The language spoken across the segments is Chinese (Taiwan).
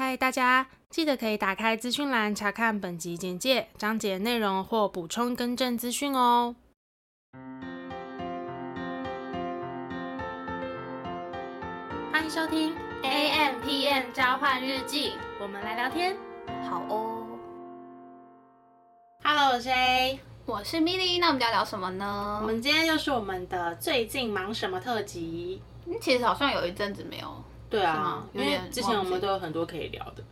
嗨，Hi, 大家記得可以打開資訊欄查看本集簡介、章節內容或補充更正資訊哦。歡迎收聽 AMpm 交換日記，我們來聊天，好哦。Hello，Jay. 我是 A，我是 Millie，那我們要聊什麼呢？我們今天又是我們的最近忙什麼特輯？嗯，其實好像有一陣子沒有。對啊，因為之前我們都有很多可以聊的，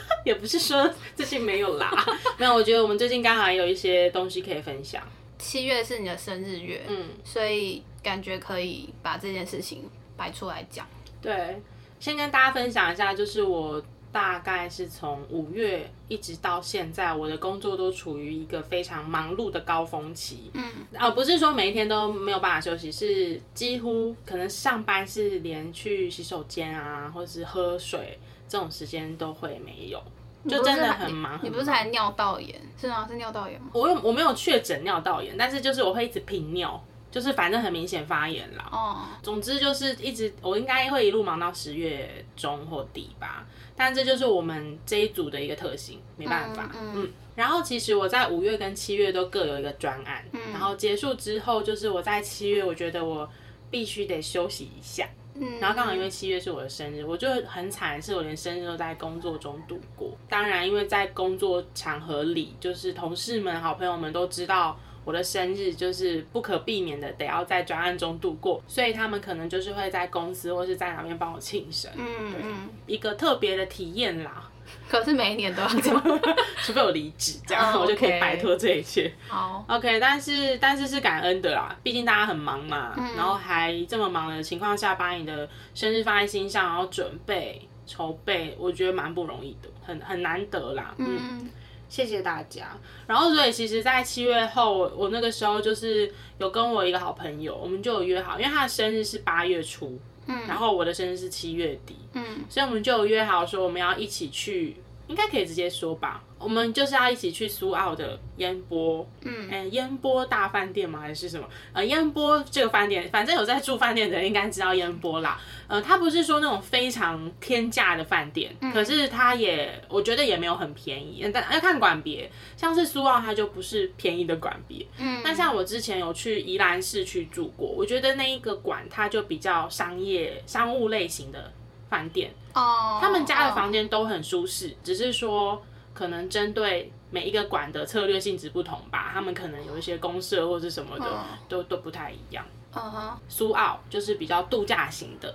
也不是說最近沒有啦。 沒有，我覺得我們最近剛好有一些東西可以分享。七月是你的生日月，嗯，所以感覺可以把這件事情擺出來講。對，先跟大家分享一下，就是我大概是從五月，一直到現在，我的工作都處於一個非常忙碌的高峰期。嗯，啊，不是說每一天都沒有辦法休息，是幾乎可能上班是連去洗手間啊，或是喝水這種時間都會沒有，就真的很忙。你不是還尿道炎？是嗎？是尿道炎嗎？我有，我沒有確診尿道炎，但是就是我會一直頻尿。就是反正很明顯發炎了。哦，總之就是一直，我應該會一路忙到十月中或底吧。但這就是我們這一組的一個特性，沒辦法。嗯，然後其實我在五月跟七月都各有一個專案，然後結束之後，就是我在七月，我覺得我必須得休息一下。嗯，然後剛好因為七月是我的生日，我就很慘，是我連生日都在工作中度過。當然，因為在工作場合裡，就是同事們、好朋友們都知道。我的生日就是不可避免的得要在專案中度過，所以他們可能就是會在公司或是在哪邊幫我慶生，嗯，對嗯，一個特別的體驗啦。可是每一年都要做 這樣，除非我離職，這、okay，樣我就可以擺脫這一切。好，OK，但是但是是感恩的啦，畢竟大家很忙嘛，嗯、然後還這麼忙的情況下，把你的生日放在心上，然後準備籌備，我覺得蠻不容易的，很很難得啦，嗯。嗯謝謝大家。然後，所以其實，在七月後我，我那個時候就是有跟我一個好朋友，我們就有約好，因為他的生日是八月初，嗯，然後我的生日是七月底，嗯，所以我們就有約好說，我們要一起去。應該可以直接說吧，我們就是要一起去蘇澳的煙波，嗯，欸、煙波大飯店嗎？還是什麼？呃，煙波這個飯店，反正有在住飯店的人應該知道煙波啦。呃，它不是說那種非常天價的飯店，嗯、可是它也，我覺得也沒有很便宜，但要看館別。像是蘇澳，它就不是便宜的館別。嗯，那像我之前有去宜蘭市去住過，我覺得那一個館它就比較商業、商務類型的。飯店哦，他們家的房間都很舒適，oh, oh. 只是說可能針對每一個館的策略性質不同吧，他們可能有一些公社或是什麼的，oh. 都都不太一樣。哦，uh huh. 蘇澳就是比較度假型的，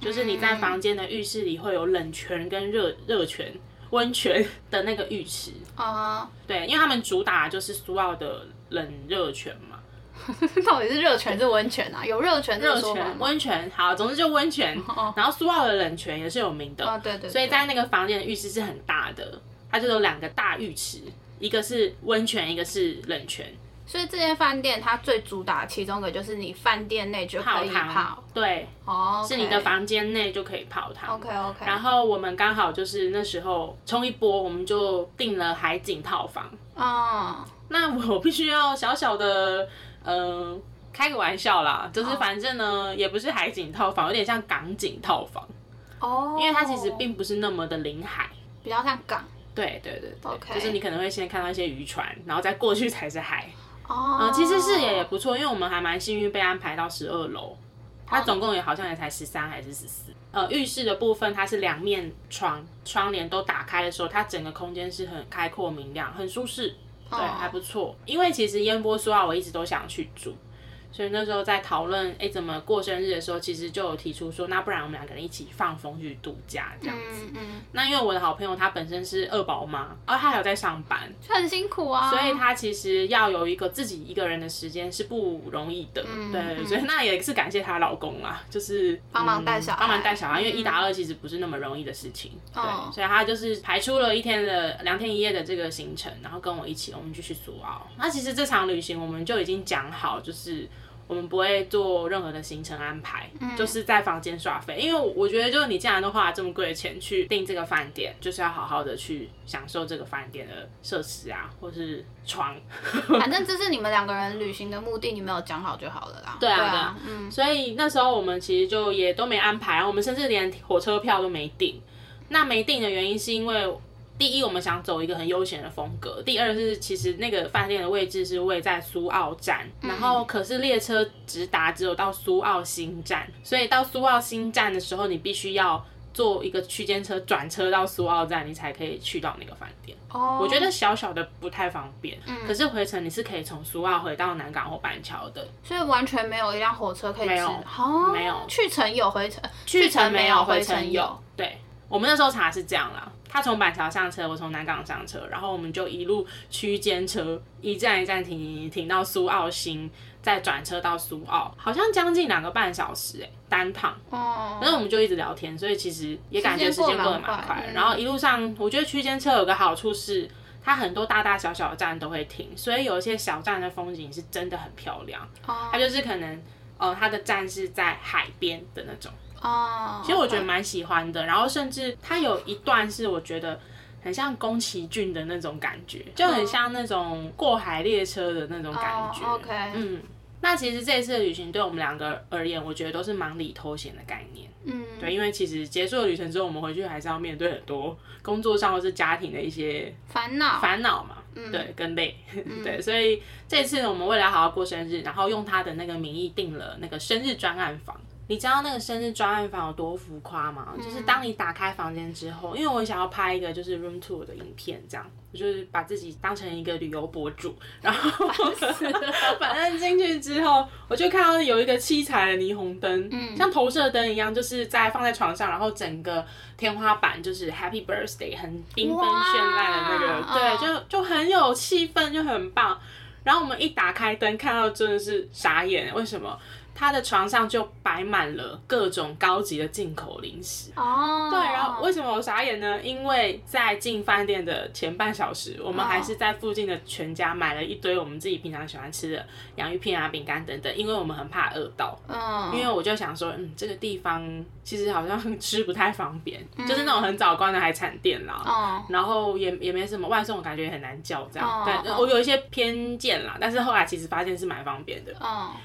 就是你在房間的浴室裡會有冷泉跟熱熱泉溫泉的那個浴池啊，uh huh. 對，因為他們主打就是蘇澳的冷熱泉嘛。 到底是熱泉還是溫泉啊？有熱泉，熱泉、溫泉，好，總之就溫泉。哦、然後蘇澳的冷泉也是有名的。哦、對，對對。所以在那個房間的浴室是很大的，它就有兩個大浴池，一個是溫泉，一個是冷泉。所以這間飯店它最主打的其中一個就是你飯店內就可以泡。泡湯，對，哦，okay、是你的房間內就可以泡湯。OK OK。然後我們剛好就是那時候衝一波，我們就訂了海景套房。哦，那我必須要小小的。嗯，開個玩笑啦，就是反正呢，oh. 也不是海景套房，有點像港景套房，哦，oh. 因為它其實並不是那麼的臨海，比較像港，對對對 OK，就是你可能會先看到一些漁船，然後再過去才是海，哦，oh. 嗯，其實視野也不錯，因為我們還蠻幸運被安排到十二樓，它總共也好像也才十三還是十四，呃，oh. 嗯，浴室的部分它是兩面窗，窗簾都打開的時候，它整個空間是很開闊明亮，很舒適。對，還不錯，oh. 因為其實煙波蘇澳，我一直都想去住。所以那時候在討論，哎、欸，怎麼過生日的時候，其實就有提出說，那不然我們兩個人一起放風去度假這樣子。嗯嗯、那因為我的好朋友她本身是二寶媽，啊、哦，她還有在上班，就很辛苦啊、哦。所以她其實要有一個自己一個人的時間是不容易的。嗯、對，所以那也是感謝她老公啦、啊,就是幫忙帶小孩幫、嗯、忙帶小孩，因為一打二其實不是那麼容易的事情。嗯、對，哦、所以她就是排出了一天的兩天一夜的這個行程，然後跟我一起，我們就去蘇澳。那其實這場旅行我們就已經講好，就是。我們不會做任何的行程安排，嗯、就是在房間耍廢。因為我覺得，就是你既然都花了這麼貴的錢去訂這個飯店，就是要好好的去享受這個飯店的設施啊，或是床。 反正這是你們兩個人旅行的目的，你沒有講好就好了啦。對啊，嗯，所以那時候我們其實就也都沒安排，我們甚至連火車票都沒訂。那沒訂的原因是因為。第一，我們想走一個很悠閒的風格。第二是，其實那個飯店的位置是位在蘇澳站，然後可是列車直達只有到蘇澳新站，所以到蘇澳新站的時候，你必須要坐一個區間車轉車到蘇澳站，你才可以去到那個飯店。哦，oh. 我覺得小小的不太方便。嗯。可是回程你是可以從蘇澳回到南港或板橋的，所以完全沒有一輛火車可以。沒有。哦。沒有去程有，回程去程沒有，回程有。去程沒有回程有。對。我們那時候查是這樣啦，他從板橋上車，我從南港上車，然後我們就一路區間車，一站一站停一停到蘇澳新，再轉車到蘇澳，好像將近兩個半小時誒、欸，單趟。哦。然後我們就一直聊天，所以其實也感覺時間過得蠻快的。然後一路上，我覺得區間車有個好處是，它很多大大小小的站都會停，所以有一些小站的風景是真的很漂亮。哦。它就是可能，哦，它的站是在海邊的那種。哦，oh, okay. 其實我覺得蠻喜歡的，然後甚至它有一段是我覺得很像宮崎駿的那種感覺，oh. 就很像那種過海列車的那種感覺。Oh, OK，嗯，那其實這一次的旅行對我們兩個而言，我覺得都是忙裡偷閒的概念。嗯，mm. 對，因為其實結束了旅程之後，我們回去還是要面對很多工作上或是家庭的一些煩惱，煩惱嘛。嗯，mm. 對，跟累。Mm. 對，所以這次我們為了好好過生日，然後用他的那個名義訂了那個生日專案房。你知道那個生日專案房有多浮誇嗎？嗯、就是當你打開房間之後，因為我想要拍一個就是 room tour 的影片，這樣，我就是把自己當成一個旅遊博主。然後，反， 反正進去之後，我就看到有一個七彩的霓虹燈，嗯、像投射燈一樣，就是在放在床上，然後整個天花板就是 Happy Birthday，很繽紛絢爛的那個，哇對，就就很有氣氛，就很棒。然後我們一打開燈，看到真的是傻眼，為什麼？他的床上就擺滿了各種高級的進口零食哦，Oh. 對，然後為什麼我傻眼呢？因為在進飯店的前半小時，我們還是在附近的全家買了一堆我們自己平常喜歡吃的洋芋片啊、餅乾等等，因為我們很怕餓到。Oh. 因為我就想說，嗯，這個地方其實好像吃不太方便，Mm. 就是那種很早關的海產店啦。Oh. 然後也也沒什麼外送，我感覺也很難叫這樣。對、Oh. 我有一些偏見啦，但是後來其實發現是蠻方便的。哦。Oh.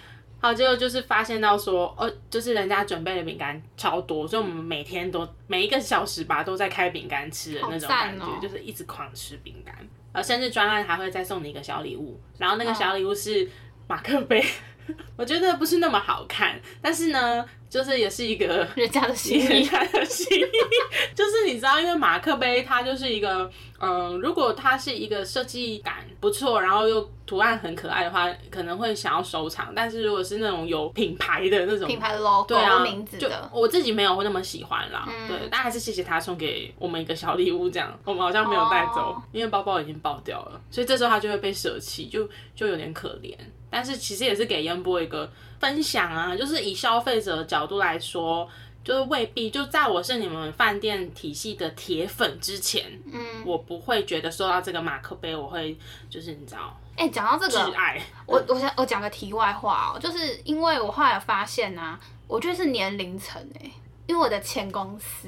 好，最後就是發現到說，哦，就是人家準備的餅乾超多，所以我們每天都每一個小時吧都在開餅乾吃的那種感覺，哦、就是一直狂吃餅乾，呃，甚至專案還會再送你一個小禮物，然後那個小禮物是馬克杯，哦、 我覺得不是那麼好看，但是呢。就是也是一個人家的心，人家的心， 就是你知道，因為馬克杯它就是一個，嗯，如果它是一個設計感不錯，然後又圖案很可愛的話，可能會想要收藏。但是如果是那種有品牌的那種，品牌的 logo，對啊，名字就我自己沒有會那麼喜歡啦。嗯、對，但還是謝謝他送給我們一個小禮物，這樣我們好像沒有帶走，哦、因為包包已經爆掉了，所以這時候他就會被捨棄，就就有點可憐。但是其實也是給煙波一個。分享啊，就是以消費者的角度來說，就是未必。就在我是你們飯店體系的鐵粉之前，嗯，我不會覺得收到這個馬克杯，我會就是你知道，哎、欸，講到這個愛，我我想我講個題外話哦，嗯、就是因為我後來有發現啊，我覺得是年齡層誒。因為我的前公司，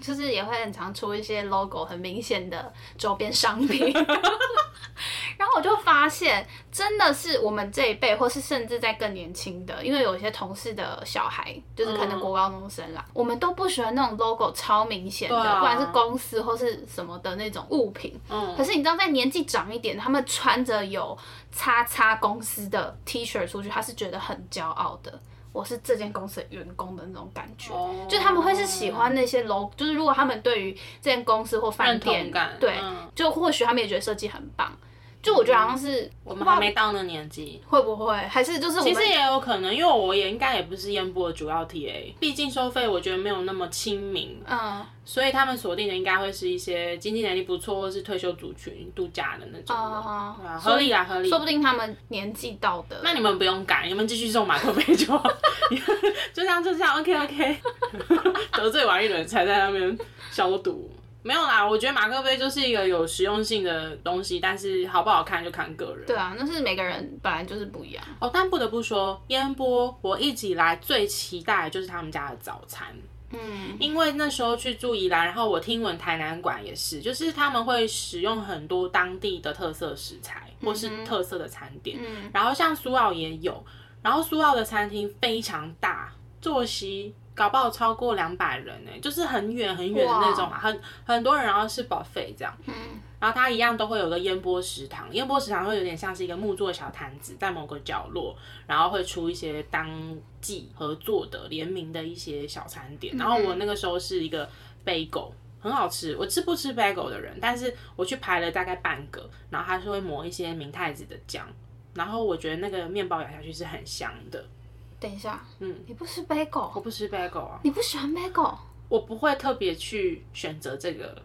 就是也會很常出一些 logo 很明顯的周邊商品， 然後我就發現，真的是我們這一輩，或是甚至在更年輕的，因為有一些同事的小孩就是可能國高中生啦，我們都不喜歡那種 logo 超明顯的，不管是公司或是什麼的那種物品。可是你知道，在年紀長一點，他們穿着有叉叉公司的 T 恤出去，他是覺得很驕傲的。我是這間公司的員工的那種感覺，oh. 就他們會是喜歡那些樓，就是如果他們對於這間公司或飯店，認同感，對，嗯、就或許他們也覺得設計很棒。就我覺得好像是，嗯、我們還沒到那年紀，會不會？還是就是我，其實也有可能，因為我也應該也不是煙波的主要 TA，畢竟收費我覺得沒有那麼親民，嗯，所以他們鎖定的應該會是一些經濟能力不錯或是退休族群度假的那種的，哦、啊、以合理啦，啊，合理，說不定他們年紀到的，那你們不用改，你們繼續送馬克杯就好， 就這樣，就這樣，OK OK， 得罪完一輪才在那邊消毒。沒有啦，我覺得馬克杯就是一個有實用性的東西，但是好不好看就看個人。對啊，那是每個人本來就是不一樣哦。但不得不說，煙波我一直以來最期待的就是他們家的早餐，嗯，因為那時候去住宜蘭，然後我聽聞台南館也是，就是他們會使用很多當地的特色食材，嗯哼，或是特色的餐點，嗯，然後像蘇澳也有，然後蘇澳的餐廳非常大，作息。搞不好超過兩百人呢，欸，就是很遠很遠的那種嘛，Wow. 很很多人，然後是 buffet 這樣，嗯、然後它一樣都會有個煙波食堂，煙波食堂會有點像是一個木座小攤子，在某個角落，然後會出一些當季合作的聯名的一些小餐點。然後我那個時候是一個 bagel 很好吃，我吃不吃 bagel 的人，但是我去排了大概半個，然後還是會抹一些明太子的醬，然後我覺得那個麵包咬下去是很香的。等一下，嗯，你不吃 bagel？我不吃 bagel 啊。你不喜歡 bagel？我不會特別去選擇這個，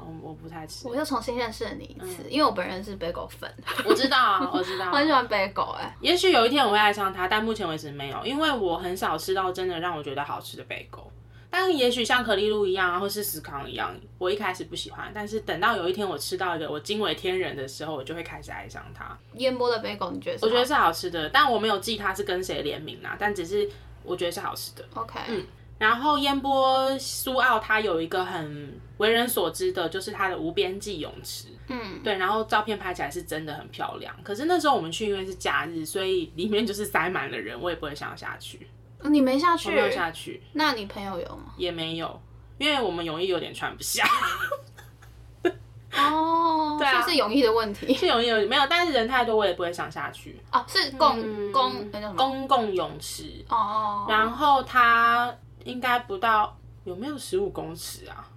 我，我不太吃。我又重新認識了你一次，嗯、因為我本人是 bagel 粉，我知道啊，我知道， 我很喜歡 bagel 哎、欸，也許有一天我會愛上它，但目前為止沒有，因為我很少吃到真的讓我覺得好吃的 bagel。但也許像可麗露一樣、啊，或是司康一樣，我一開始不喜歡，但是等到有一天我吃到一個我驚為天人的時候，我就會開始愛上它。煙波的貝果，你覺得？我覺得是好吃的，但我沒有記它是跟誰聯名啊。但只是我覺得是好吃的。OK，嗯。然後煙波蘇澳它有一個很為人所知的，就是它的無邊際泳池。嗯，對。然後照片拍起來是真的很漂亮。可是那時候我們去因為是假日，所以裡面就是塞滿了人，我也不會想要下去。你沒下去，我沒有下去。那你朋友有嗎？也沒有，因為我們泳衣有點穿不下。哦，對，是泳衣的問題。是泳衣有沒有？但是人太多，我也不會想下去。哦、oh，是公公公共泳池哦。Oh. 然後它應該不到有沒有十五公尺啊？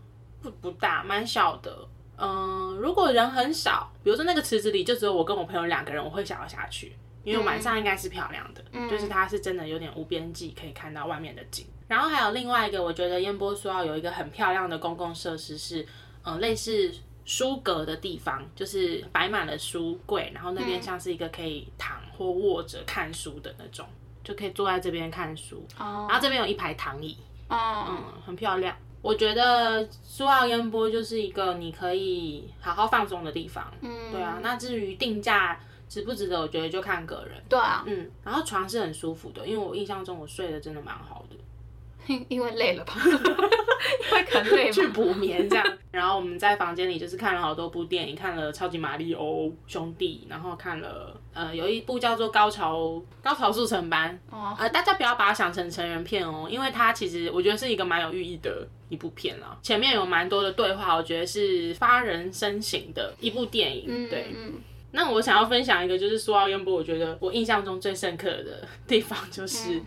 不不大，蠻小的。嗯，如果人很少，比如說那個池子裡就只有我跟我朋友兩個人，我會想要下去。因為晚上應該是漂亮的，嗯嗯、就是它是真的有點無邊際，可以看到外面的景。然後還有另外一個，我覺得煙波蘇澳有一個很漂亮的公共設施是，嗯，類似書閣的地方，就是擺滿了書櫃，然後那邊像是一個可以躺或臥着看書的那種，嗯、就可以坐在這邊看書。哦、然後這邊有一排躺椅。哦、嗯，很漂亮。我覺得蘇澳煙波就是一個你可以好好放鬆的地方。嗯。對啊。那至於定價。值不值得？我覺得就看個人。對啊，嗯。然後床是很舒服的，因為我印象中我睡得真的蠻好的，因為累了吧？ 會很累嗎？去補眠這樣。然後我們在房間裡就是看了好多部電影， 看了《超級瑪麗歐兄弟》，然後看了呃有一部叫做《高潮高潮速成班》哦、oh. 呃，呃大家不要把它想成成人片哦，因為它其實我覺得是一個蠻有寓意的一部片了。前面有蠻多的對話，我覺得是發人深省的一部電影。嗯、對。那我想要分享一個，就是蘇澳煙波，我覺得我印象中最深刻的地方就是，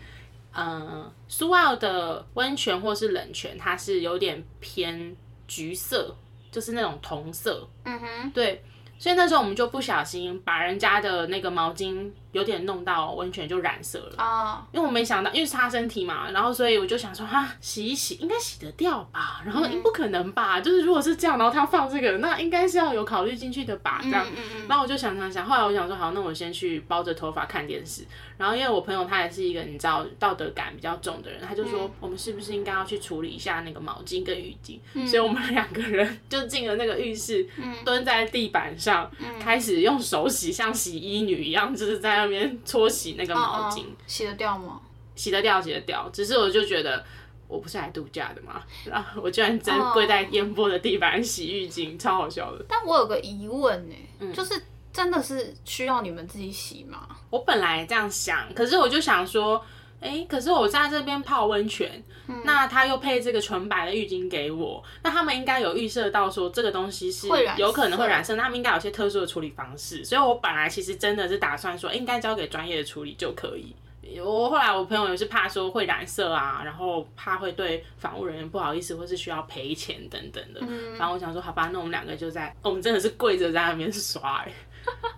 嗯，呃、蘇澳的溫泉或是冷泉，它是有點偏橘色，就是那種銅色。嗯哼，對，所以那時候我們就不小心把人家的那個毛巾。有點弄到溫泉就染色了啊！哦、因為我沒想到，因為擦身體嘛，然後所以我就想說，哈、啊，洗一洗應該洗得掉吧？然後、嗯、不可能吧？就是如果是這樣，然後他放這個，那應該是要有考慮進去的吧？這樣，然後我就想想想，後來我想說，好，那我先去包着頭髮看電視。然後因為我朋友他也是一個你知道道德感比較重的人，他就說、嗯、我們是不是應該要去處理一下那個毛巾跟浴巾？嗯、所以我們兩個人就進了那個浴室，嗯、蹲在地板上，嗯、開始用手洗，像洗衣女一樣，就是在。那邊搓洗那個毛巾，uh, uh, 洗得掉嗎？洗得掉，洗得掉。只是我就覺得，我不是來度假的嘛，然、啊、後我居然在跪在煙波的地方洗浴巾，超好笑的。但我有個疑問、欸嗯、就是真的是需要你們自己洗嗎？我本來這樣想，可是我就想說。誒、欸，可是我在這邊泡溫泉，嗯、那他又配這個純白的浴巾給我，那他們應該有預設到說這個東西是有可能會染色，染色那他們應該有些特殊的處理方式。所以我本來其實真的是打算說、欸、應該交給專業的處理就可以。我後來我朋友也是怕說會染色啊，然後怕會對房務人員不好意思，或是需要賠錢等等的。嗯、然後我想說好吧，那我們兩個就在，我、哦、們真的是跪着在那邊刷、欸。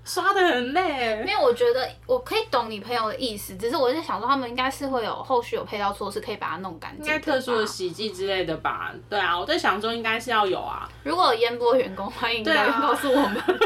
刷得很累，沒有，我覺得我可以懂你朋友的意思，只是我在想說他們應該是會有後續有配套措施可以把它弄乾淨的，在特殊的洗劑之類的吧？對啊，我在想說應該是要有啊。如果有煙波員工，歡迎大家對、啊、告訴我們，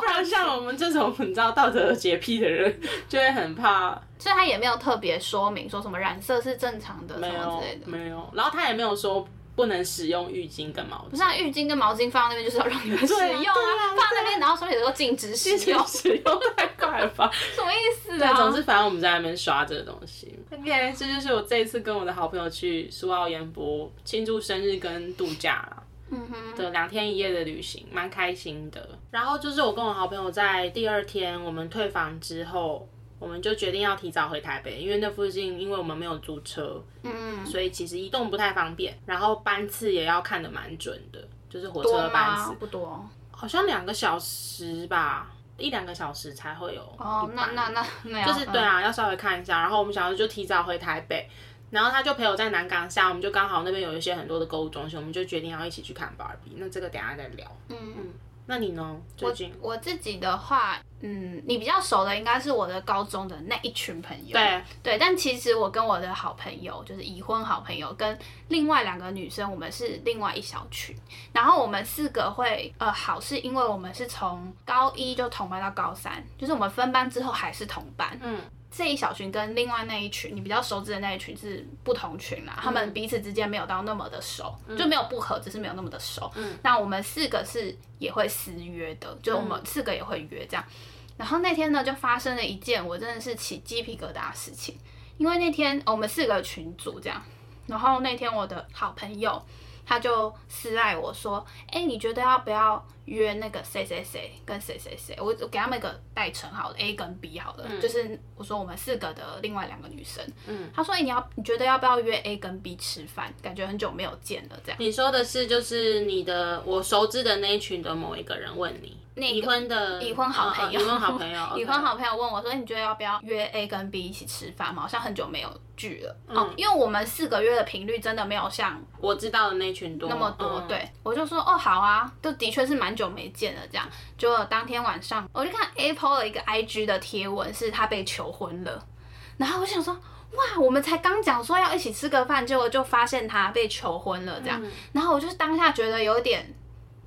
不然像我們這種你知道道德潔癖的人就會很怕。所以他也沒有特別說明說什麼染色是正常的沒有什麼之類的，沒有。然後他也沒有說。不能使用浴巾跟毛巾，不像、啊、浴巾跟毛巾放在那邊就是要讓你們使用啊，啊放在那邊、啊、然後手尾的都禁止使用，使用太快了吧， 什麼意思啊？對，總之反正我們在那邊刷這個東西。OK，吧這就是我這一次跟我的好朋友去蘇澳煙波慶祝生日跟度假了，嗯哼，的兩天一夜的旅行，蠻對開心的。然後就是我跟我好朋友在第二天我們退房之後。我們就決定要提早回台北，因為那附近，因為我們沒有租車，嗯，所以其實移動不太方便，然後班次也要看得蠻準的，就是火車班次多不多，好像兩個小時吧，一兩個小時才會有。哦，那那那，那就是對啊，要稍微看一下。然後我們想要就提早回台北，然後他就陪我在南港下，我們就剛好那邊有一些很多的購物中心，我們就決定要一起去看 Barbie。那這個等一下再聊。嗯嗯。那你呢？最近？我，我自己的話，嗯，你比較熟的應該是我的高中的那一群朋友。對對，但其實我跟我的好朋友，就是已婚好朋友，跟另外兩個女生，我們是另外一小群。然後我們四個會呃好，是因為我們是從高一就同班到高三，就是我們分班之後還是同班。嗯。這一小群跟另外那一群你比較熟知的那一群是不同群啦，嗯、他們彼此之間沒有到那麼的熟，嗯、就沒有不合，只是沒有那麼的熟。嗯、那我們四個是也會私約的，就我們四個也會約這樣。嗯、然後那天呢，就發生了一件我真的是起雞皮疙瘩的事情，因為那天我們四個群組這樣，然後那天我的好朋友。他就私賴我說：“哎、欸，你覺得要不要約那個誰誰誰跟誰誰誰？我我給他們一個代稱好了，A 跟 B 好了。嗯、就是我說我們四個的另外兩個女生。嗯，他說：欸、你要你覺得要不要約 A 跟 B 吃飯？感覺很久沒有見了，這樣。你說的是就是你的我熟知的那一群的某一個人問你。”那個、已婚的已婚好朋友，哦，已婚好朋友， 已婚好朋友問我說：“你覺得要不要約 A 跟 B 一起吃飯嗎？好像很久沒有聚了。嗯哦。”因為我們四個月的頻率真的沒有像我知道的那群多那麼多。嗯、對，我就說：“哦，好啊，就的確是蠻久沒見了。”這樣，就當天晚上，我就看 A po 了一個 IG 的貼文，是他被求婚了。然後我想說：“哇，我們才剛講說要一起吃個飯，結果就發現他被求婚了。”這樣，嗯、然後我就當下覺得有點，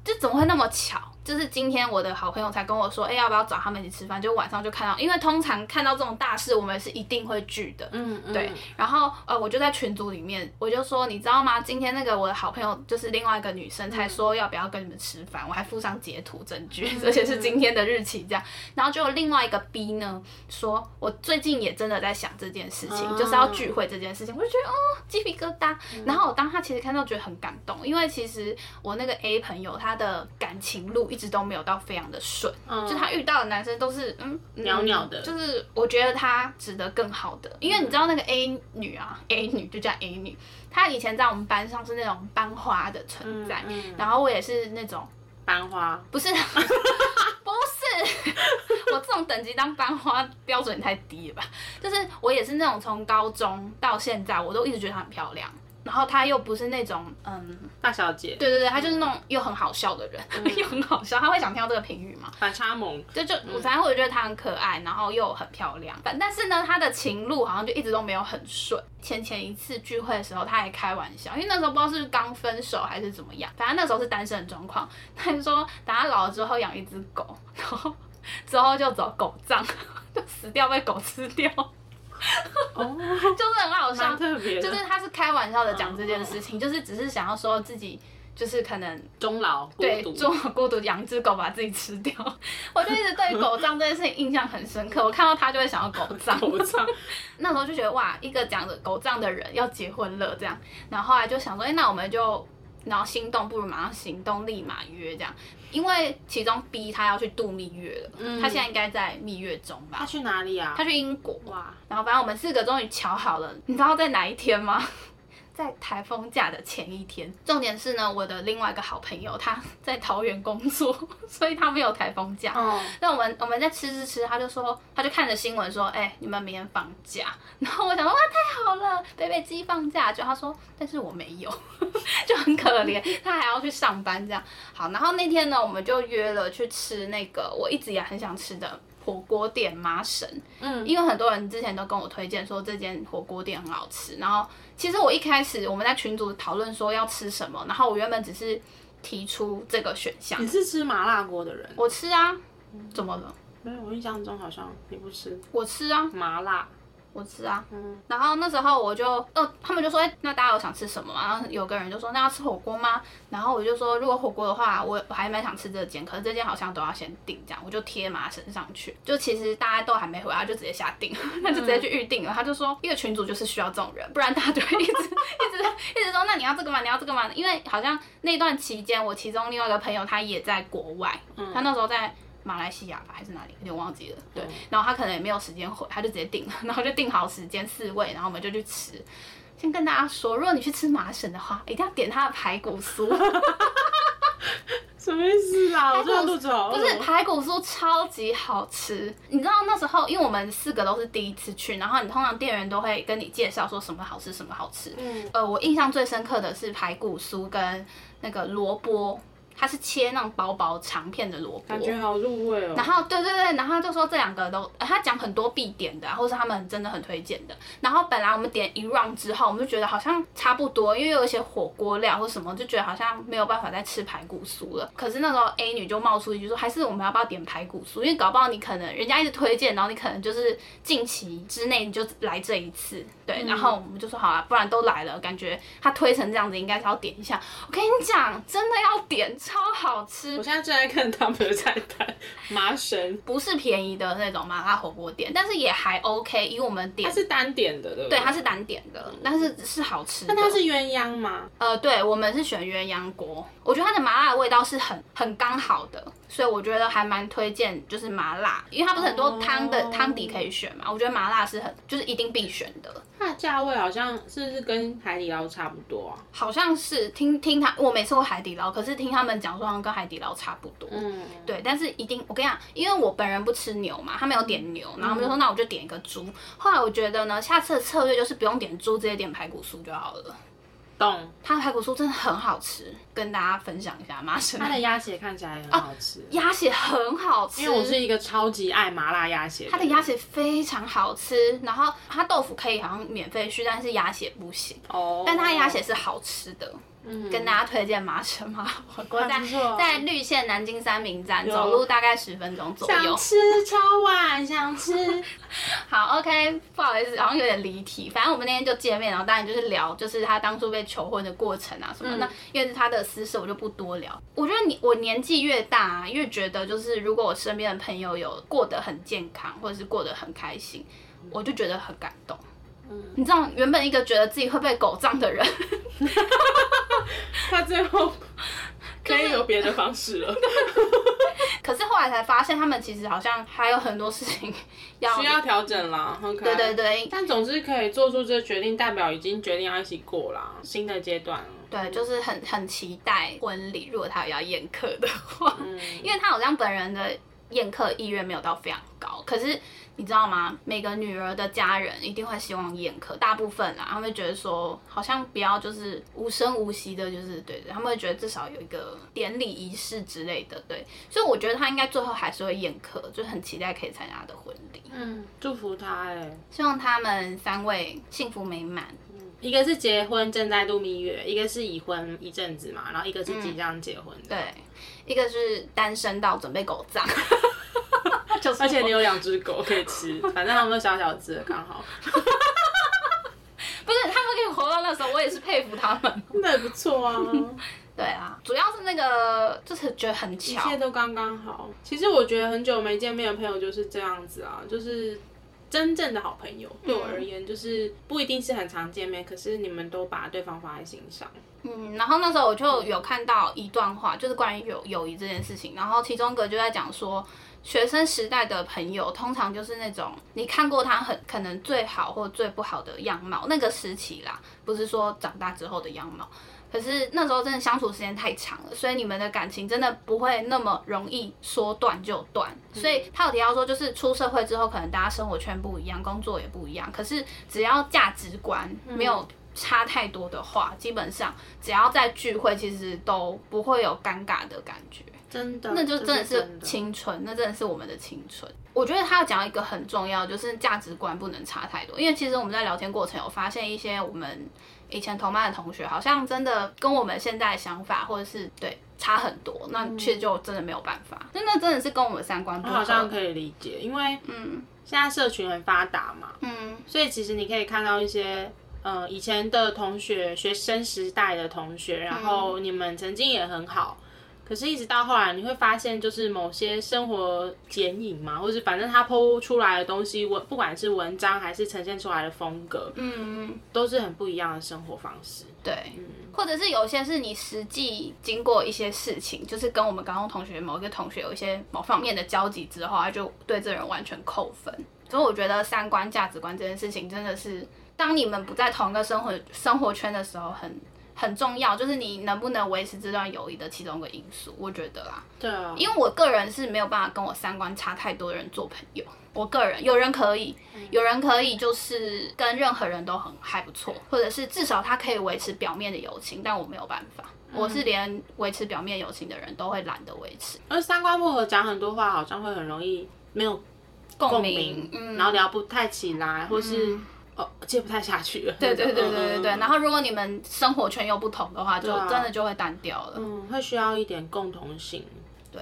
就怎麼會那麼巧？就是今天我的好朋友才跟我說，哎、欸，要不要找他們一起吃飯？就晚上就看到，因為通常看到這種大事，我們是一定會聚的。嗯，嗯。對。然後呃，我就在群組裡面，我就說，你知道嗎？今天那個我的好朋友，就是另外一個女生，才說要不要跟你們吃飯，我還附上截圖證據，而且、嗯、是今天的日期這樣。然後就另外一個 B 呢，說我最近也真的在想這件事情，哦、就是要聚會這件事情，我就覺得哦，雞皮疙瘩。嗯、然後我當他其實看到，覺得很感動，因為其實我那個 A 朋友她的感情路。一直都沒有到非常的順，嗯、就他遇到的男生都是嗯，裊裊的，嗯，就是我覺得他值得更好的。因為你知道那個 A 女啊，嗯、，A 女就叫 A 女，她以前在我們班上是那種班花的存在，嗯嗯、然後我也是那種班花，不是 不是，我這種等級當班花標準也太低了吧？就是我也是那種從高中到現在，我都一直覺得她很漂亮。然後他又不是那種嗯大小姐，對對對，他就是那種又很好笑的人，嗯、又很好笑。他會想聽到這個評語嗎？反差萌，就就我才會覺得他很可愛，然後又很漂亮。反但是呢，他的情路好像就一直都沒有很順。前前一次聚會的時候，他還開玩笑，因為那時候不知道是剛分手還是怎麼樣，反正那時候是單身的狀況。他就說等他老了之後養一隻狗，然後之後就走狗葬，就死掉被狗吃掉。 oh, 就是很好笑，特別就是他是開玩笑的講這件事情， 就是只是想要說自己就是可能終老孤獨，對，終老孤獨養隻狗把自己吃掉， 我就一直對狗葬這件事情印象很深刻，我看到他就會想到狗葬， 那時候就覺得哇，一個講着狗葬的人要結婚了這樣，然後後來就想說，哎、欸，那我們就。然後心動不如馬上行動，立馬約這樣，因為其中 B 他要去度蜜月了，他現在應該在蜜月中吧？他去哪裡啊？他去英國哇！然後反正我們四個終於喬好了，你知道在哪一天嗎？在颱風假的前一天，重點是呢，我的另外一個好朋友他在桃園工作，所以他沒有颱風假。那、嗯、我們我們在吃吃吃，他就說，他就看着新聞說，哎、欸，你們明天放假。然後我想說，哇，太好了，貝貝雞放假，就他說，但是我沒有， 就很可憐，他還要去上班這樣。好，然後那天呢，我們就約了去吃那個我一直也很想吃的。火鍋店麻神，嗯，因為很多人之前都跟我推薦說這間火鍋店很好吃，然後其實我一開始我們在群組討論說要吃什麼，然後我原本只是提出這個選項。你是吃麻辣鍋的人？我吃啊，嗯、怎麼了？沒有，我印象中好像你不吃。我吃啊，麻辣。我吃啊，嗯，然後那時候我就，呃，他們就說，哎、欸，那大家有想吃什麼嗎？然後有個人就說，那要吃火鍋嗎？然後我就說，如果火鍋的話，我我還蠻想吃這間，可是這間好像都要先訂，這樣我就貼馬身上去。就其實大家都還沒回來，他就直接下訂，那、嗯、就直接去預定了。他就說，一個群主就是需要這種人，不然大家就會一直 一直一直說，那你要這個嗎？你要這個嗎？因為好像那段期間，我其中另外一個朋友他也在國外，嗯、他那時候在。馬來西亞吧還是哪裡？有點忘記了。對，然後他可能也沒有時間回，他就直接訂了，然後就訂好時間四位，然後我們就去吃。先跟大家說，如果你去吃麻省的話，一定要點他的排骨酥。 什麼意思啊？骨我這樣肚子好痛。不是排骨酥超級好吃，你知道那時候因為我們四個都是第一次去，然後你通常店員都會跟你介紹說什麼好吃什麼好吃。嗯。呃，我印象最深刻的是排骨酥跟那個蘿蔔。他是切那種薄薄長片的蘿蔔，感覺好入味哦。然後對對對，然後他就說這兩個都，他講很多必點的，然後是他們真的很推薦的。然後本來我們點一 round 之後，我們就覺得好像差不多，因為有一些火鍋料或什麼，就覺得好像沒有辦法再吃排骨酥了。可是那時候 A 女就冒出一句說，還是我們要不要點排骨酥？因為搞不好你可能人家一直推薦，然後你可能就是近期之內你就來這一次，對。然後我們就說好啦，不然都來了，感覺他推成這樣子，應該是要點一下。我跟你講，真的要點。超好吃！我現在正在看他們的菜單。 麻繩生不是便宜的那種麻辣火鍋店，但是也還 OK。因為我們點，它是單點的對不對？對，它是單點的，但是是好吃的。那它是鴛鴦嗎？呃，對我們是選鴛鴦鍋。我覺得它的麻辣的味道是很很剛好的，所以我覺得還蠻推薦就是麻辣，因為它不是很多湯的，oh. 湯底可以選嘛。我覺得麻辣是很就是一定必選的。那價位好像是不是跟海底撈差不多啊？好像是，聽聽他，我沒吃過海底撈，可是聽他們講說好像跟海底撈差不多。嗯，對，但是一定我跟你講，因為我本人不吃牛嘛，他們有點牛，然後他們就說那我就點一個豬。嗯、後來我覺得呢，下次的策略就是不用點豬，直接點排骨酥就好了。洞它的排骨酥真的很好吃，跟大家分享一下麻食。它的鴨血看起來很好吃，哦、鴨血很好吃。因為我是一個超級愛麻辣鴨血，它的鴨血非常好吃。然後它豆腐可以好像免費續，但是鴨血不行。哦，但它鴨血是好吃的。嗯、跟大家推薦麻省嗎？我在對在綠線南京三民站，嗯、走路大概十分鐘左右。想吃超晚，想吃。 好，OK，不好意思，好像有點離題。反正我們那天就見面，然後當然就是聊，就是他當初被求婚的過程啊什麼的。嗯、那因為是他的私事，我就不多聊。我覺得你我年紀越大，啊，越覺得就是如果我身邊的朋友有過得很健康，或者是過得很開心，我就覺得很感動。嗯、你知道，原本一個覺得自己會被狗葬的人。嗯 最後可以有別的方式了。就是 可是後來才發現，他們其實好像還有很多事情要需要調整啦。對對對，對，但總之可以做出這決定，代表已經決定要一起過啦新的階段。對，就是很很期待婚禮。如果他要宴客的話，因為他好像本人的宴客意願沒有到非常高。可是。你知道嗎？每個女兒的家人一定會希望宴客，大部分啦，他們會覺得說好像不要就是無聲無息的，就是對，對，對，他們會覺得至少有一個典禮儀式之類的，對。所以我覺得他應該最後還是會宴客，就很期待可以參加他的婚禮。嗯，祝福他哎，希望他們三位幸福美滿。一個是結婚正在度蜜月，一個是已婚一陣子嘛，然後一個是即將結婚，嗯，對，一個是單身到準備狗葬。 而且你有兩隻狗可以吃， 反正他們都小小隻，剛好。 不是他們可以活到那時候，我也是佩服他們。那也不錯啊。 對啊，主要是那個就是覺得很巧，一切都剛剛好。其實我覺得很久沒見面的朋友就是這樣子啊，就是真正的好朋友，對我、嗯、而言就是不一定是很常見面，可是你們都把對方放在心上。嗯，然後那時候我就有看到一段話，就是關於友友誼這件事情，然後其中一個就在講說。學生時代的朋友通常就是那種你看過他很可能最好或最不好的樣貌，那個時期啦，不是說長大之後的樣貌。可是那時候真的相處時間太長了，所以你們的感情真的不會那麼容易說斷就斷。嗯、所以他有提到說，就是出社會之後，可能大家生活圈不一樣，工作也不一樣。可是只要價值觀沒有差太多的話，嗯、基本上只要在聚會，其實都不會有尷尬的感覺。真的，那就真的是青春，真的真的那真的是我們的青春。我覺得他講一個很重要，就是價值觀不能差太多。因為其實我們在聊天過程，有發現一些我們以前同班的同學，好像真的跟我們現在的想法或者是對差很多，那其實就真的沒有辦法。真的、嗯、真的是跟我們三觀不同。我好像可以理解，因為嗯，現在社群很發達嘛，嗯，所以其實你可以看到一些，呃，以前的同學，學生時代的同學，然後你們曾經也很好。嗯可是，一直到後來，你會發現，就是某些生活剪影嘛，或者是反正他剖出來的東西，不管是文章還是呈現出來的風格，嗯，都是很不一樣的生活方式。對，嗯、或者是有些是你實際經過一些事情，就是跟我們高中同學某一個同學有一些某方面的交集之後，他就對這人完全扣分。所以我覺得三觀價值觀這件事情，真的是當你們不在同一個生活生活圈的時候，很很重要，就是你能不能維持這段友誼的其中一個因素，我覺得啦。對啊。因為我個人是沒有辦法跟我三觀差太多的人做朋友。我個人有人可以，有人可以，就是跟任何人都很還不錯，對或者是至少他可以維持表面的友情，但我沒有辦法。嗯、我是連維持表面友情的人都會懶得維持。而三觀不合，講很多話好像會很容易沒有共鳴，嗯，然後聊不太起來，或是、嗯。哦，接不太下去了。對對對對對對。嗯嗯，然後如果你們生活圈又不同的話，啊、就真的就會單調了。嗯，會需要一點共同性。對，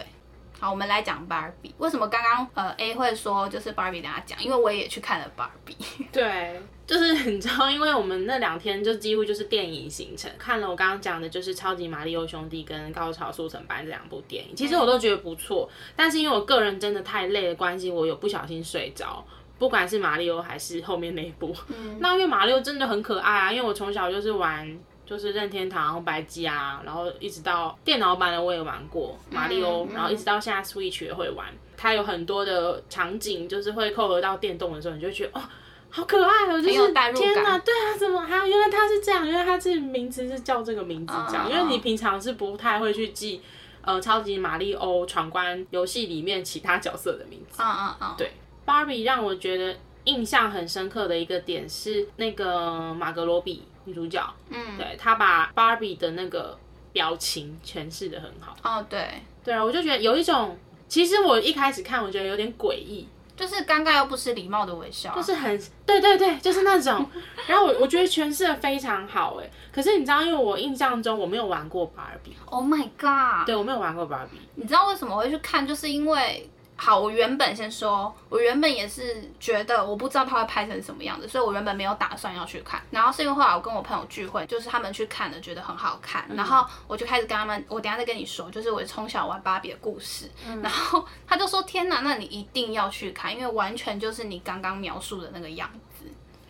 好，我們來講芭比。為什麼剛剛呃 A 會說就是芭比等下講？因為我也去看了芭比。對， 就是你知道，因為我們那兩天就幾乎就是電影行程，看了我剛剛講的就是《超級瑪麗歐兄弟》跟《高潮速成班》這兩部電影，其實我都覺得不錯，嗯、但是因為我個人真的太累的關係，我有不小心睡着。不管是馬里歐還是後面那一部，嗯、那因為馬里歐真的很可愛啊！因為我從小就是玩，就是任天堂然後白機啊，然後一直到電腦版的我也玩過馬里歐，利嗯嗯、然後一直到現在 Switch 也會玩。它有很多的場景，就是會扣合到電動的時候，你就會覺得哦，好可愛哦，就是天吶、啊，對啊，怎麼還有？原來他是這樣，因為他的名字是叫這個名字這樣，嗯、因為你平常是不太會去記，呃，超級馬里歐闖關遊戲裡面其他角色的名字啊啊啊，嗯嗯嗯、對。Barbie 讓我覺得印象很深刻的一個點是那個瑪格羅比女主角，嗯，對，她把 Barbie 的那個表情詮釋得很好。哦，對，對啊，我就覺得有一種，其實我一開始看我覺得有點詭異，就是尷尬又不失禮貌的微笑，就是很，對對對，就是那種。 然後我我覺得詮釋得非常好、欸，哎，可是你知道，因為我印象中我沒有玩過 Barbie。Oh my god！對，我沒有玩過 Barbie。你知道為什麼會去看，就是因為。好，我原本先說，我原本也是覺得，我不知道他會拍成什麼樣子，所以我原本沒有打算要去看。然後是因為後來我跟我朋友聚會，就是他們去看了，覺得很好看，然後我就開始跟他們，我等一下再跟你說，就是我從小玩芭比的故事。然後他就說：“天哪，那你一定要去看，因為完全就是你剛剛描述的那個樣子。”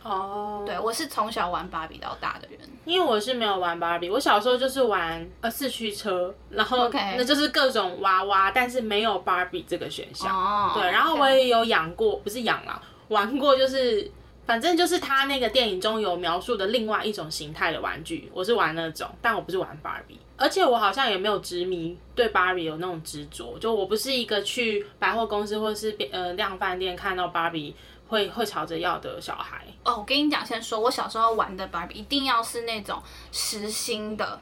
哦，oh, 對，我是從小玩芭比到大的人，因為我是沒有玩芭比，我小時候就是玩呃四驅車，然後 Okay. 那就是各種娃娃，但是沒有芭比這個選項。哦，oh, okay. 對，然後我也有養過，不是養啦，玩過就是，反正就是他那個電影中有描述的另外一種形態的玩具，我是玩那種，但我不是玩芭比，而且我好像也沒有執迷，對芭比有那種執着，就我不是一個去百貨公司或者是呃量販店看到芭比、會會吵着要的小孩哦，oh, 我跟你講，先說，我小時候玩的芭比一定要是那種實心的，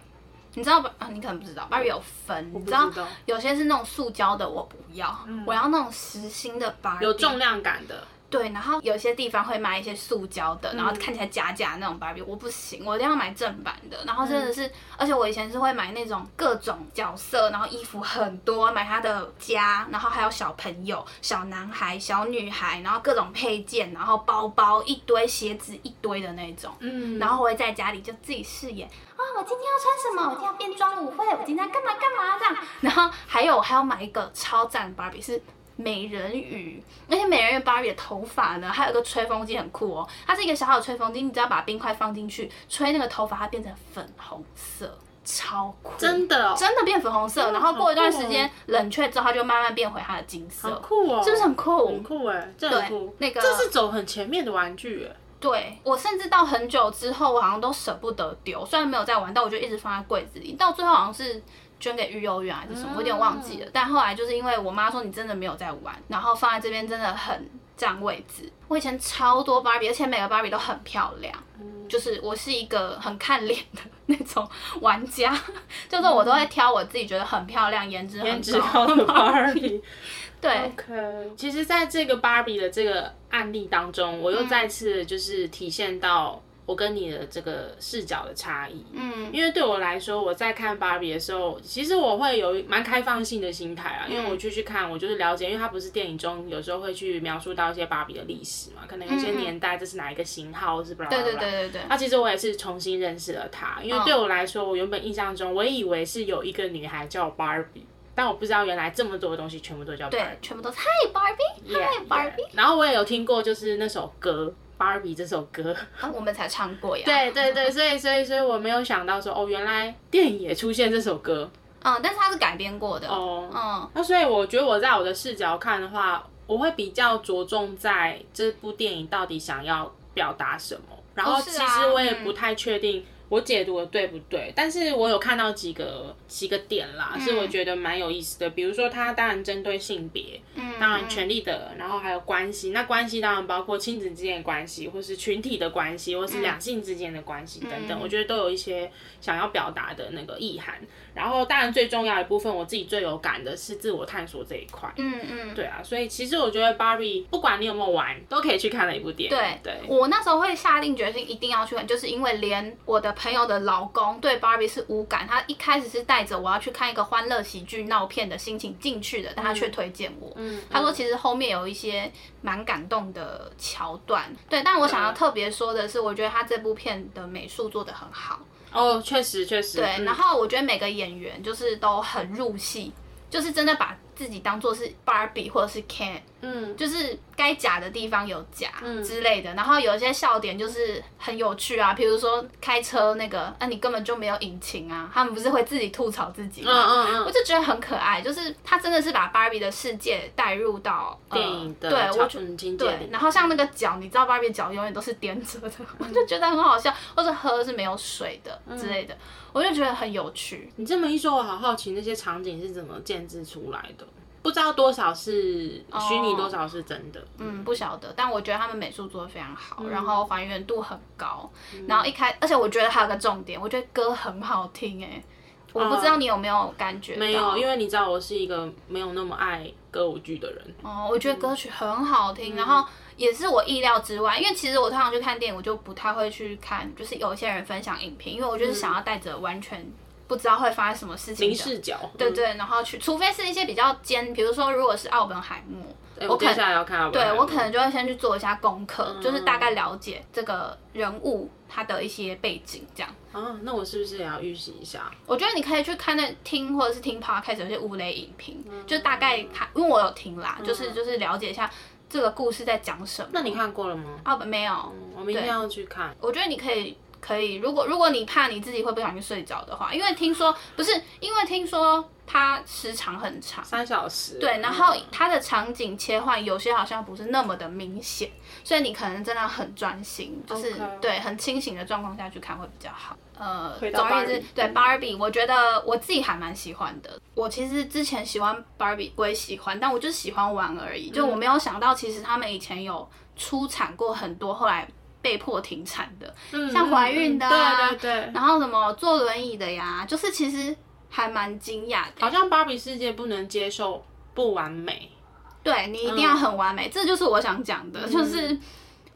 你知道不，啊？你可能不知道，芭比，嗯、有分，知你知道有些是那種塑膠的，我不要，嗯、我要那種實心的芭比，有重量感的。對，然後有些地方會買一些塑膠的，嗯、然後看起來假假那種芭比，我不行，我一定要買正版的。然後真的是，嗯、而且我以前是會買那種各種角色，然後衣服很多，買他的家，然後還有小朋友、小男孩、小女孩，然後各種配件，然後包包一堆，鞋子一堆的那種。嗯，然後我會在家裡就自己飾演啊、嗯哦，我今天要穿什麼？我今天要變裝舞會，我今天要幹嘛幹嘛，幹嘛這樣。然後還有還要買一個超讚芭比是。美人魚，那些美人魚芭比的頭髮呢？還有一個吹風機很酷哦，它是一個小小的吹風機，你只要把冰塊放進去吹那個頭髮，它變成粉紅色，超酷！真的、哦，真的變粉紅色，哦、然後過一段時間冷卻之後，它就慢慢變回它的金色，很酷哦！是不是很酷？很酷哎，欸，真的酷，對，那個這是走很前面的玩具對，我甚至到很久之後，我好像都捨不得丟，雖然沒有再玩，但我就一直放在櫃子裡，到最後好像是。捐給育幼院，還是什麼，我有點忘記了。嗯、但後來就是因為我媽說你真的沒有在玩，然後放在這邊真的很佔位置。我以前超多芭比，而且每個芭比都很漂亮，嗯、就是我是一個很看臉的那種玩家，嗯、就是我都會挑我自己覺得很漂亮，嗯、顏值很顏值高的芭比。 對，OK。其實，在這個芭比的這個案例當中，我又再次就是體現到。我跟你的這個視角的差異，嗯，因為對我來說，我在看芭比的時候，其實我會有蠻開放性的心態啊，嗯、因為我繼續看，我就是了解，因為它不是電影中有時候會去描述到一些芭比的歷史嘛，可能有些年代這是哪一個型號、嗯、哼是不是對對對對，那其實我也是重新認識了它，因為對我來說，我原本印象中，我以為是有一個女孩叫芭比，但我不知道原來這麼多的東西全部都叫、Barbie、對，全部都是 Hi Barbie, Hi Barbie. Yeah, yeah. 然後我也有聽過就是那首歌。《芭比》這首歌、啊，我們才唱過呀。 對對對，所以所以所以我沒有想到說，哦，原來電影也出現這首歌。嗯、哦，但是它是改編過的。哦，嗯、哦。那、啊、所以我覺得我在我的視角看的話，我會比較着重在這部電影到底想要表達什麼。然後其實我也不太確定、哦啊。嗯我解讀的對不對？但是我有看到幾個幾個點啦，嗯、是我覺得蠻有意思的。比如說，它當然針對性別，嗯、當然權力的，然後還有關係。那關係當然包括親子之間的關係，或是群體的關係，或是兩性之間的關係、嗯、等等。我覺得都有一些想要表達的那個意涵。然後，當然最重要一部分，我自己最有感的是自我探索這一塊。嗯嗯，嗯對啊，所以其實我覺得《Barbie》不管你有沒有玩，都可以去看的一部電影。對，對我那時候會下定決心一定要去看，就是因為連我的朋友的老公對《Barbie》是無感，他一開始是帶着我要去看一個歡樂喜劇鬧片的心情進去的，但他卻推薦我。嗯。嗯，他說其實後面有一些蠻感動的橋段。對，但我想要特別說的是，啊、我覺得他這部片的美術做得很好。哦，確實確實。對，嗯，然後我覺得每個演員就是都很入戲，就是真的把。自己當做是 Barbie 或者是 Ken，嗯，就是該假的地方有假，之類的。嗯、然後有一些笑點就是很有趣啊，比如說開車那個，那、啊、你根本就沒有引擎啊，他們不是會自己吐槽自己嗎？嗯嗯嗯我就覺得很可愛，就是他真的是把芭比的世界帶入到電影的、呃、對景經典對，完全經典。然後像那個腳，你知道芭比腳永遠都是踮着的，嗯、我就覺得很好笑。或者喝是沒有水的之類的，嗯、我就覺得很有趣。你這麼一說，我好好奇那些場景是怎麼建制出來的。不知道多少是虛擬，多少是真的。哦、嗯，不曉得。但我覺得他們美術做得非常好，嗯、然後還原度很高。嗯、然後一開，而且我覺得還有個重點，我覺得歌很好聽哎。我不知道你有沒有感覺、呃？沒有，因為你知道我是一個沒有那麼愛歌舞劇的人。哦，我覺得歌曲很好聽，嗯、然後也是我意料之外，因為其實我通常去看電影，我就不太會去看，就是有一些人分享影評，因為我就是想要帶着完全、嗯。不知道會發生什麼事情。的視角，對對，然後去，除非是一些比較尖，比如說，如果是奧本海默，我接下來要看，對我可能就會先去做一下功課，就是大概了解這個人物他的一些背景，這樣。那我是不是也要預習一下？我覺得你可以去看那聽或者是聽 Podcast，有些無雷影評，就大概看，因為我有聽啦，就是就是了解一下這個故事在講什麼。那你看過了嗎？奧本沒有，我們一定要去看。我覺得你可以。可以，如果如果你怕你自己會不小心睡着的話，因為聽說不是，因為聽說它時長很長，三小時。對，嗯啊、然後它的場景切換有些好像不是那麼的明顯，所以你可能真的很專心，就是 Okay. 對很清醒的狀況下去看會比較好。呃，總而言之，對 Barbie，我覺得我自己還蠻喜歡的。我其實之前喜歡 Barbie，歸喜歡，但我就是喜歡玩而已。嗯、就我沒有想到，其實他們以前有出產過很多，後來。被迫停產的，嗯、像懷孕的、啊嗯，對對對，然後什麼坐輪椅的呀，就是其實還蠻驚訝的。好像芭比世界不能接受不完美，對，你一定要很完美，嗯、這就是我想講的。就是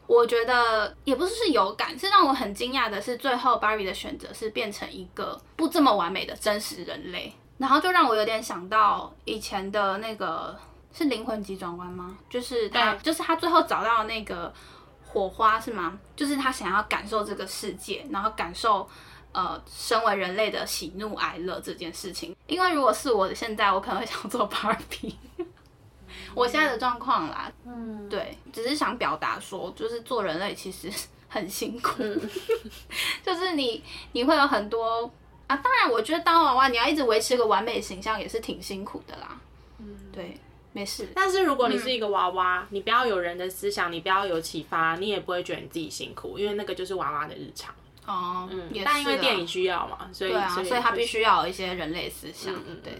我覺得也不是是有感，嗯、是讓我很驚訝的是，最後芭比的選擇是變成一個不這麼完美的真實人類，嗯、然後就讓我有點想到以前的那個是靈魂急轉彎嗎？就是對，就是他最後找到那個。火花是嗎？就是他想要感受這個世界，然後感受，呃，身為人類的喜怒哀樂這件事情。因為如果是我現在，我可能會想做芭比， 我現在的狀況啦，嗯，對，只是想表達說，就是做人類其實很辛苦， 就是你你會有很多啊。當然，我覺得當娃娃你要一直維持個完美形象也是挺辛苦的啦。嗯，對。但是如果你是一個娃娃，嗯、你不要有人的思想，你不要有啟發，你也不會覺得你自己辛苦，因為那個就是娃娃的日常哦。嗯、但因為電影需要嘛，所以、啊、所以他必須要有一些人類思想。嗯，對。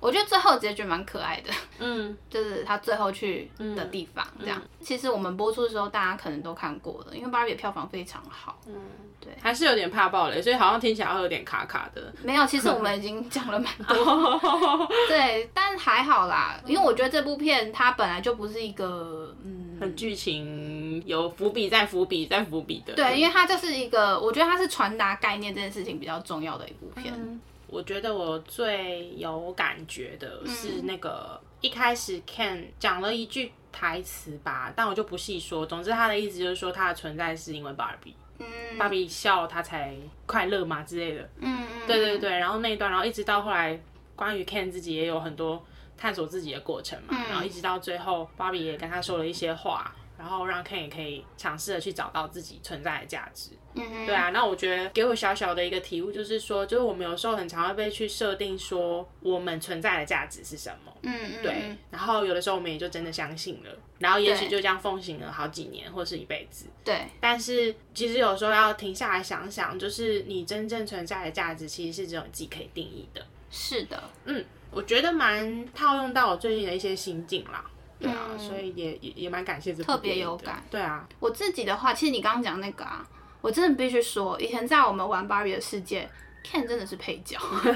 我覺得最後結局蠻可愛的，嗯，就是他最後去的地方這樣。嗯嗯、其實我們播出的時候，大家可能都看過了，因為芭比票房非常好，嗯，對，還是有點怕暴雷，所以好像聽起來會有點卡卡的。沒有，其實我們已經講了蠻多，可對，但還好啦，因為我覺得這部片它本來就不是一個，嗯，很劇情有伏筆在伏筆在伏筆的，對，嗯、因為它就是一個，我覺得它是傳達概念這件事情比較重要的一部片。嗯我覺得我最有感覺的是那個一開始 Ken 講了一句台詞吧，但我就不細說。總之他的意思就是說他的存在是因為芭比，芭比笑了他才快樂嘛之類的。嗯對對對。然後那一段，然後一直到後來，關於 Ken 自己也有很多探索自己的過程嘛。然後一直到最後，芭比也跟他說了一些話。然後讓 Ken 也可以嘗試著去找到自己存在的價值。嗯，對啊。那我覺得給我小小的一個體悟就是說，就是我們有時候很常會被去設定說我們存在的價值是什麼。嗯對。嗯，然後有的時候我們也就真的相信了，然後也許就這樣奉行了好幾年或是一輩子。對。但是其實有時候要停下來想想，就是你真正存在的價值其實是只有自己可以定義的。是的。嗯，我覺得蠻套用到我最近的一些心境啦。對啊，嗯、所以也也也蠻感謝這特別有感。對啊，我自己的話，其實你剛剛講那個啊，我真的必須說，以前在我們玩芭比的世界，Ken 真的是配角， 他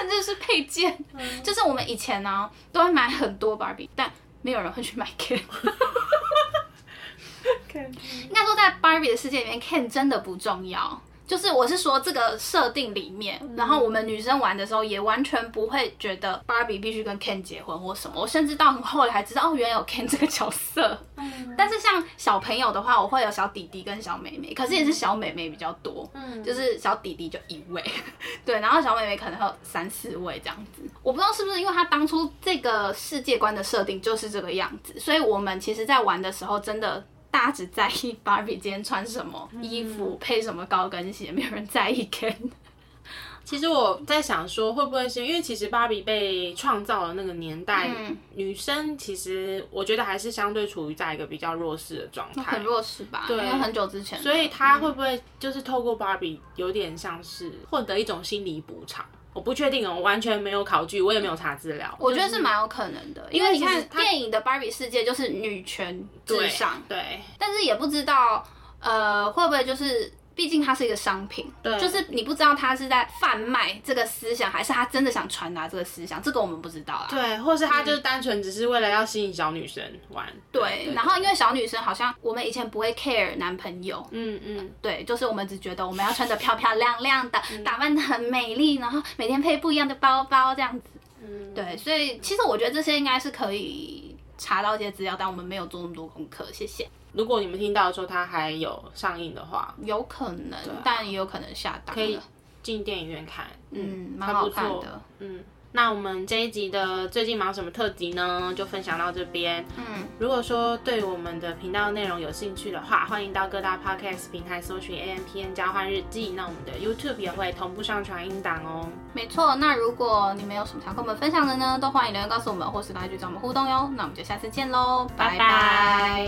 甚至是配件，嗯、就是我們以前呢、啊、都會買很多芭比，但沒有人會去買 Ken。 應該說，在芭比的世界裡面，Ken 真的不重要。就是我是說這個設定裡面，然後我們女生玩的時候也完全不會覺得 Barbie 必須跟 Ken 結婚或什麼。我甚至到後來才知道哦，原來有 Ken 這個角色。但是像小朋友的話，我會有小弟弟跟小妹妹，可是也是小妹妹比較多。嗯，就是小弟弟就一位，對，然後小妹妹可能還有三四位這樣子。我不知道是不是因為他當初這個世界觀的設定就是這個樣子，所以我們其實，在玩的時候真的。大家只在意芭比今天穿什麼衣服，配什麼高跟鞋，沒有人在意 Ken。其實我在想說會不會是因為其實芭比被創造的那個年代，嗯、女生其實我覺得還是相對處於在一個比較弱勢的狀態，很弱勢吧？對，因為很久之前，所以她會不會就是透過芭比，有點像是獲得一種心理補償？我不確定哦、喔，完全沒有考據，我也沒有查資料。我覺得是蠻有可能的，因，因為你看電影的芭比世界就是女權至上，對，對，但是也不知道呃會不會就是。畢竟它是一個商品，對，就是你不知道他是在販賣這個思想，還是他真的想傳達這個思想，這個我們不知道啊，對，或是他就是單純只是為了要吸引小女生玩。嗯、對，對然後因為小女生好像我們以前不會 care 男朋友，嗯嗯、呃，對，就是我們只覺得我們要穿得漂漂亮亮的，嗯、打扮得很美麗，然後每天配不一樣的包包這樣子，嗯，對，所以其實我覺得這些應該是可以。查到一些資料，但我們沒有做那麼多功課。謝謝。如果你們聽到說它還有上映的話，有可能，啊，但也有可能下檔。可以進電影院看，嗯，蠻好看的，嗯。那我們這一集的最近忙什麼特輯呢？就分享到這邊。嗯，如果說對我們的頻道內容有興趣的話，歡迎到各大 Podcast 平台搜尋 AMpm 交換日記。那我們的 YouTube 也會同步上傳音檔哦、喔。沒錯，那如果你們有什麼想跟我們分享的呢，都歡迎留言告訴我們，或是來去找我們互動喲。那我們就下次見嘍，拜拜。拜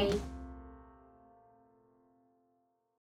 拜。